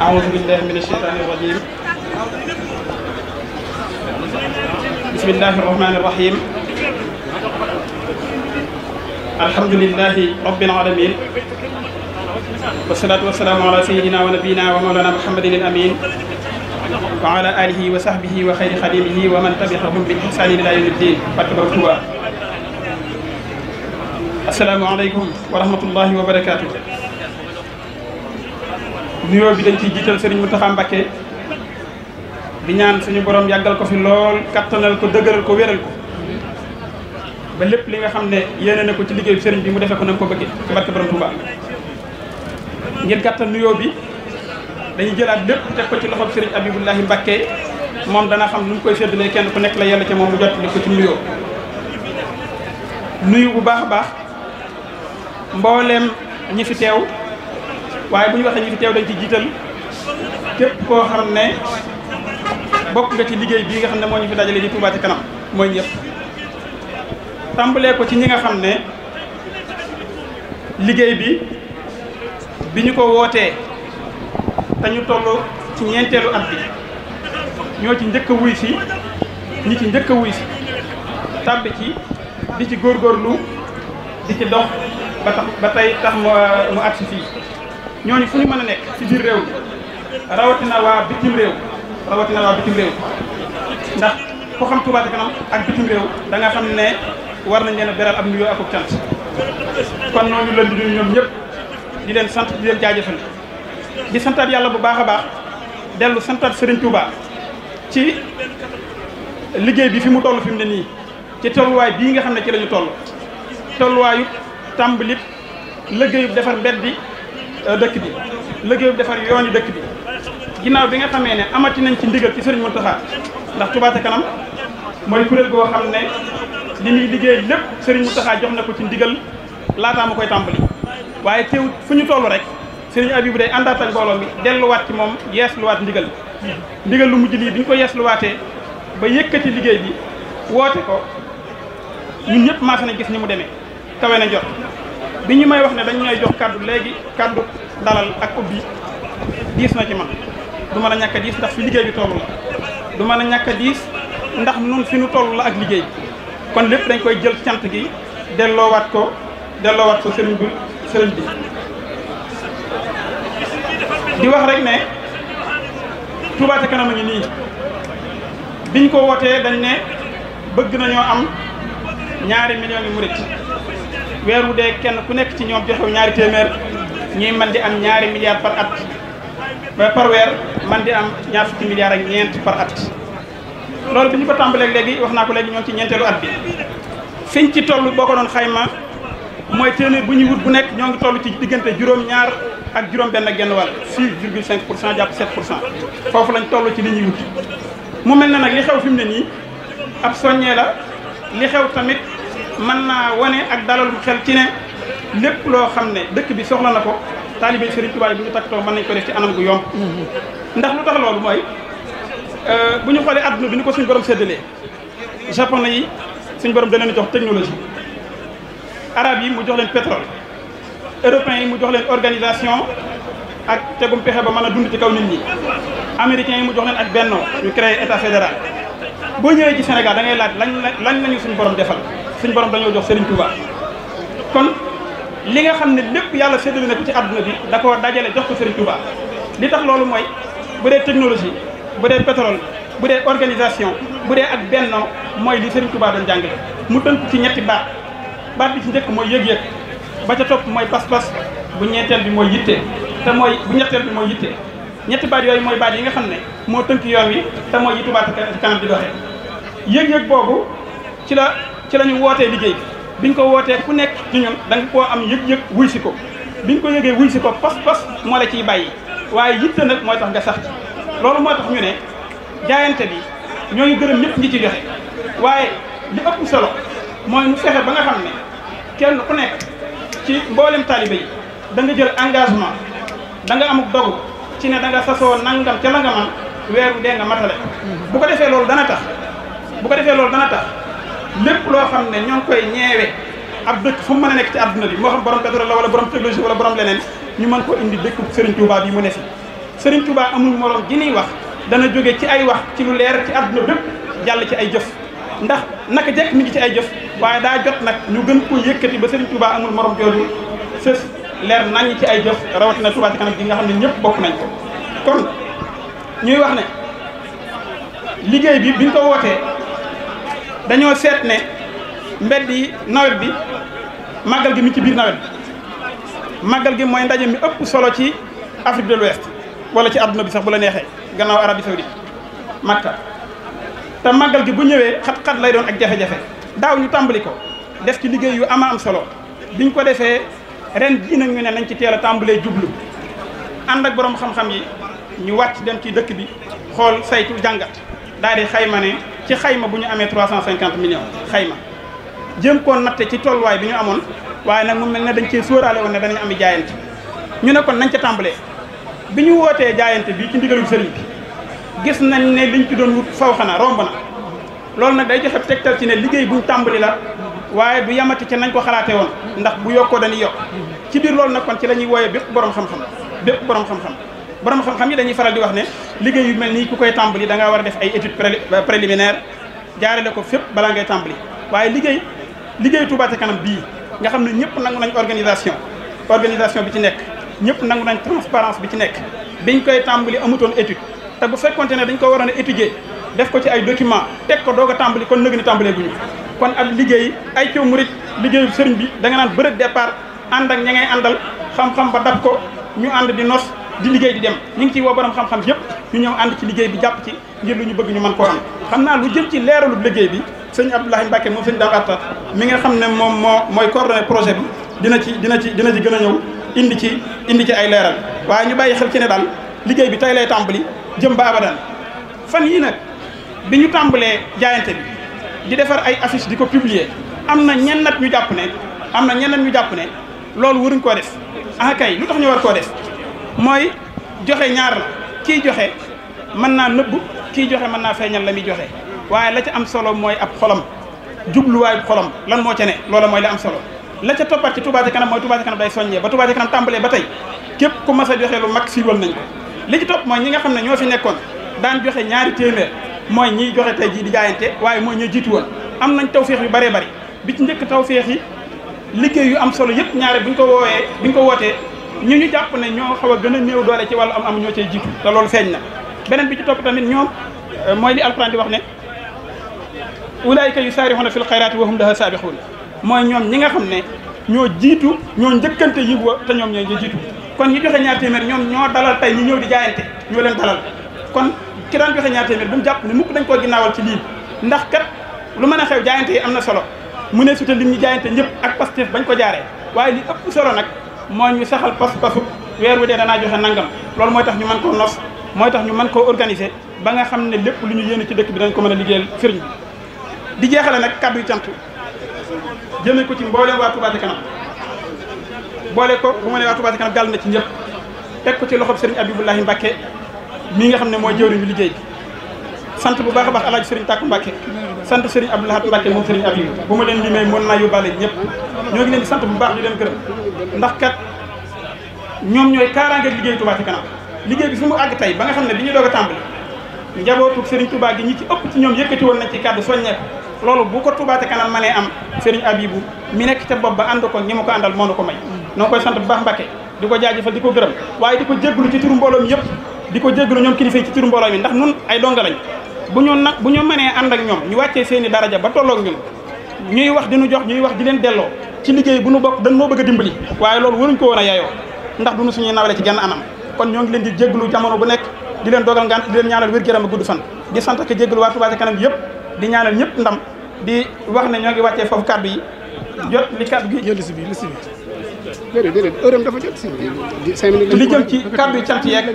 أعوذ بالله من الشيطان الرجيم بسم الله الرحمن الرحيم الحمد لله رب العالمين والصلاة والسلام على سيدنا ونبينا ومولانا محمد الأمين وعلى آله وصحبه وخير خديمه ومن تبعهم بإحسان إلى يوم الدين فتبارك الله السلام عليكم ورحمة الله وبركاته nuyoo bi dañ ciy jiital Serigne Mountakha Mbacké bi ñaan suñu borom yàggal ko fi lool kattanal ko dëgëral ko wéral ko ba lépp li nga xam ne yeneen na ko ci liggéeyu sëriñ bi mu defee ko na ko bëggee ci barke borom Touba ngir gàttal nuyoo bi dañuy jëlaat lépp teg ko ci loxob Serigne Abibullahi Mbacké moom dana xam nu mu koy séddalee kenn ku nekk la yàlla ci moom mu jot li ko ci nuyoo nuyu bu baax a baax mbooleem ñi fi teew. waaye bu ñu waxee ñu fi teew dañ ci jiital képp koo xam ne bokk nga ci liggéey bii nga xam ne moo ñu fi dajale di Touba ci kanam mooy ñëpp tàmbalee ko ci ñi nga xam ne liggéey bi bi ñu ko wootee te ñu toll ci ñeenteelu at bi ñoo ci njëkk a si ñi ci njëkk si tàbbi ci di ci góor góorgóorlu di ci dox ba tax tey tax mu mu agsi fii ñooñu fu ñu mën a nekk ci biir réew mi rawatina waa bitim réew rawatina waa bitim réew ndax ku xam Touba Ca Kanam ak bitim réew danga xam ne war nañ leen a beral ab nuyoo ak ak kon ñooñu leen di nuyu ñoom ñëpp di leen sant di leen jaajëfal di santaat yàlla bu baax a baax dellu santaat Serigne Touba ci liggéey bi fi mu toll fi mu ne nii ci tolluwaay bii nga xam ne ci la ñu toll tolluwaayu tàmbalib liggéeyub defar mbedd bi Euh, dëkk bi liggéey bi defar yoon yi dëkk bi ginnaaw bi nga xamee ne amati nañ ci ndigal ci Serigne Mountakha ndax Touba ca kanam mooy kuréel goo xam ne li muy liggéey lépp Serigne Mountakha jox na ko ci ndigal laataa ma koy tàmbali waaye teewut fu ñu toll rek Serigne Abibou day àndaat ak mbooloo mi delluwaat ci moom yeesluwaat ndigal ndigal lu mujj lii bi ñu ko yeesluwaatee ba yëkkati liggéey bi woote ko ñun ñëpp maasa na gis ni mu demee kawe na jot bi ñu may wax ne dañ ñooy jox kàddu léegi kàddu dalal ak ubbi diis na ci man du mën a ñàkk a diis ndax fi liggéey bi toll la du mën a ñàkk a diis ndax nun fi nu toll la ak liggéey kon lépp dañ koy jël cant gi delloowaat ko delloowaat ko sëriñ bi sëriñ bi di wax rek ne Touba Ca Kanam a ngi nii biñ ko wootee dañ ne bëgg nañoo am ñaari millions yu weer wu dee kenn ku nekk ci ñoom joxew ñaari téeméer ñii man di am ñaari milliards par at ba par weer man di am ñaar fukki milliards ak ñeent par at loolu bi ñu ko tàmbalee léegi wax naa ko léegi ñoom ci ñeenteelu at bi fiñ ci toll boo ko doon xayma mooy téeméer bu ñu wut bu nekk ñoo ngi toll ci diggante juróom-ñaar ak juróom-benn genn wàll 6,5 pour cent jàpp 7 pour cent foofu lañ toll ci li ñu wut. mu mel na nag li xew fi mu ne nii ab soññee la li tamit. mën naa wane ak dalal xel ci ne lépp loo xam ne dëkk bi soxla na ko taalibe Serigne Touba bu ñu takkatoo mën nañ ko def ci anam gu yomb. ndax lu tax loolu mooy euh, bu ñu xoolee adduna bi ni ko suñu borom séddalee japonais yi suñu borom da leen jox technologie arab yi mu jox leen pétrole européens yi mu jox leen organisation ak tegum pexe ba mën a dund ci kaw nit ñi américains yi mu jox leen ak bennoo ñu créé état fédéral boo ñëwee ci Sénégal da ngay laaj lañ lañ lañu suñu borom defal. suñ borom dañoo jox Serigne Touba kon li nga xam ne lépp yàlla séddale na ko ci àdduna bi da ko dajale jox ko Serigne Touba li tax loolu mooy bu dee technologie bu dee pétrole bu dee organisation bu dee ak bennoo mooy li Serigne Touba doon jàngale mu tënk ci ñetti baat baat bi ci njëkk mooy yëg-yëg ba ca topp mooy pas-pas bu ñeenteel bi mooy yitte te mooy bu ñetteel bi mooy yitte ñetti baat yooyu mooy baat yi nga xam ne moo tënk yoon wi te mooy yi Touba ca kanam di doxee ci la ñu wootee liggéey bi biñ ko wootee ku nekk ci ñun da koo am yëg-yëg wuy si ko biñ ko yëgee wuy si ko pas-pas moo la ciy bàyyi waaye yitte nag moo tax nga sax loolu moo tax ñu ne jaayante bi ñooñu dërëm ñëpp ñi ci joxe waaye li ëpp solo mooy mu fexe ba nga xam ne kenn ku nekk ci mboolem taalibe yi da nga jël engagement da nga amuk dogu ci ne da nga sasoo nangam ca la nga man weeru dee nga matale mm-hmm. bu ko defee loolu dana tax bu ko defee loolu dana tax lépp loo xam ne ñoo ngi koy ñeewe ab dëkk fu mu mën a nekk ci àdduna bi moo xam borom pétrole la wala borom technologie wala borom leneen ñu mën ko indi dëkk Serigne Touba bi mu ne fi Serigne Touba amul morom ji ñuy wax dana jóge ci ay wax ci lu leer ci àdduna bépp jàll ci ay jëf ndax naka jekk mi ngi ci ay jëf waaye daa jot nag ñu gën ko yëkkati ba Serigne Touba amul morom jooju sës leer nañ ci ay jëf rawatina Touba ci kanam gi nga xam ne ñëpp bokk nañ ko kon ñuy wax ne bi biñ ko wootee dañoo seet ne mbedd yi nawet bi màggal gi mi ci biir nawet bi màggal gi mooy ndaje mi ëpp solo ci Afrique de l'Ouest wala ci adduna bi sax bu la neexee gannaaw Arabie Saoudite Makka te màggal gi bu ñëwee xat-xat lay doon ak jafe-jafe daaw ñu tàmbali ko def ci liggéey yu ama am solo biñ ko defee ren jii nag ne nañ ci teel a tàmbalee jublu ànd ak borom xam-xam yi ñu wàcc dem ci dëkk bi xool saytu jàngat daal di xayma ne. ci xayma bu ñu amee 350 millions xayma jëm koon natte ci tolluwaay bi ñu amoon waaye nag mu mel ne dañ cee sóoraale woon ne dañ am jaayante ñu ne kon nañ ca tàmbalee bi ñu wootee jaayante bi ci ndigalu sëriñ bi gis nañ ne liñ ci doon wut faw xanaa romb na loolu nag day joxe tegtal ci ne liggéey bu tàmbali la waaye du yamati ca nañ ko xalaatee woon ndax bu yokkoo dañuy yokk ci biir loolu na kon ci la ñuy wooyee bépp borom xam-xam bépp borom xam-xam borom xam-xam yi dañuy faral di wax ne liggéey yu mel nii ku koy tàmbali da ngaa war a def ay études euh, préliminaire jaarale ko fépp balaa ngay tàmbali waaye liggéey liggéey Touba kanam bii nga xam ne ñëpp nangu nañ organisation organisation bi ci nekk ñëpp nangu nañ transparence bi ci nekk biñ koy tàmbali amutoon étude te bu fekkonte ne dañ ko waroon a étudier def ko ci ay document teg ko doog a tàmbali kon nëg ni tàmbalee guñu kon ab liggéey ay coow murit liggéeyu sëriñ bi da nga naan bërëg départ ànd ak ña ngay àndal xam-xam ba ko ñu ànd di nos di liggéey di dem ñu ngi ci woo borom xam-xam yëpp ñu ñëw ànd ci liggéey bi jàpp ci ngir lu ñu bëgg ñu man koo am xam naa lu jël ci leeralub liggéey bi sëñ Abdoulahi Mbacke moom sëñ Dame Atta mi nga xam ne moom moo mooy coordonné projet bi dina ci dina ci dina ci gën a ñëw indi ci indi ci ay leeral waaye ñu bàyyi xel ci ne daal liggéey bi tey lay tàmbali jëm ba abadan fan yii nag bi ñu tàmbalee jaayante bi di defar ay affiche di ko publier am na ñennat ñu jàpp ne am na ñennat ñu jàpp ne loolu waruñ koo def ah kay lu tax ñu war koo def mooy joxe ñaar la kii joxe man naa nëbb kii joxe mën naa feeñal la muy joxe waaye la ca am solo mooy ab xolam jubluwaayu xolom lan moo ce ne loola mooy la am solo la ca toppat ci Touba ca kanam mooy Touba ca kanam day soññee ba Touba ca kanam tàmbalee ba tey képp ku mas a joxe lu mag siiwal nañ ko li ci topp mooy ñi nga xam ne ñoo fi nekkoon daan joxe ñaari téeméer mooy ñiy joxe tey jii di jaayante waaye mooy ñoo jiitu woon am nañ tawféex yu bëree bëri bi ci njëkk tawféex yi liggéey yu am solo yëpp ñaare buñ ko woowee buñ ko wootee ñu ñu jàpp ne ñoo xaw gën a néew doole ci wàllu am am ñoo cay jiitu te loolu feeñ na beneen bi ci topp tamit ñoom euh, mooy li alxuraan di wax ne ulaayika yusaarixuuna fil xayraati wa hum laha saabixuun mooy ñoom ñi nga xam ne ñoo jiitu ñoo njëkkante yiw wa te ñoom ñoo ñoo jiitu kon ñi joxe ñaar téeméer ñoom ñoo dalal tey ñi ñëw di jaayante ñoo leen dalal kon ki daan joxe ñaar téeméer bu mu jàpp ne mukk dañ koo ginnaawal ci lii ndax kat lu mën a xew jaayante am na solo mu ne suta lim ñi jaayante ñëpp ak pastef bañ ko jaaree waaye li ëpp solo nag moo ñu saxal pas-pasu weer wu dee danaa joxe nangam loolu mooy tax ñu man koo nos mooy tax ñu man koo organiser ba nga xam ne lépp lu ñu yéene ci dëkk bi dañ ko mën a liggéeyal sëriñ bi di jeexale nag kàddu yu cant jëme ko ci mbooleem waa Touba ca kanam ko bu ma ne waa Touba ca kanam gàll ci ñëpp teg ko ci loxob sëriñ Abibulahi Mbacke mii nga xam ne mooy jëwriñu liggéey bi sant bu baax a baax alaaji sëriñ Tàkku Mbacke sant sëriñ Abdoulahat Mbacke moom sëriñ Abibu bu ma leen limee sant bu baax di leen gërëm ndax kat ñoom ñooy kaaraange liggéey Touba ci kanam liggéey bi su mu àgg tey ba nga xam ne bi ñu doog a tàmbali njabootu Serigne gi ñi ci ëpp ci ñoom yëkkati woon nañ ci kàddu soññeeku loolu bu ko Touba ci kanam mënee am Serigne Abibou mi nekk ca bopp ba ànd ko ñi ma ko àndal moo nu ko may noo koy sant bu baax Mbàkke di ko jaajëfal di ko gërëm waaye di ko jégglu ci turu mbooloo mi yëpp di ko jégglu ñoom kilifa yi ci turu mbooloo mi ndax nun ay donga lañ bu ñu nag bu ñu mënee ànd ak ñoom ñu wàccee seeni daraja ba tolloog ñuy wax di ñu jox ñuy wax di leen delloo ci liggéey bu nu bokk dañ noo bëgg a dimbali waaye loolu waruñ ko woon a yaayoo ndax du nu suñuy nawle ci genn anam kon ñoo ngi leen di jégglu jamono bu nekk di leen dogal ngant di leen ñaanal wér gëram a gudd fan di sant ak jégglu waa Touba ca kanam yëpp di ñaanal ñëpp ndam di wax ne ñoo ngi wàccee foofu kaddu yi jot li kaddu gi jël li jëm ci kaddu yi cant yeeg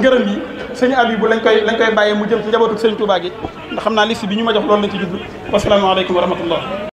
ngërëm yi sëñ abi bu lañ koy lañ koy bàyyee mu jëm ci njabootu sëñ Touba gi ndax wa rahmatullah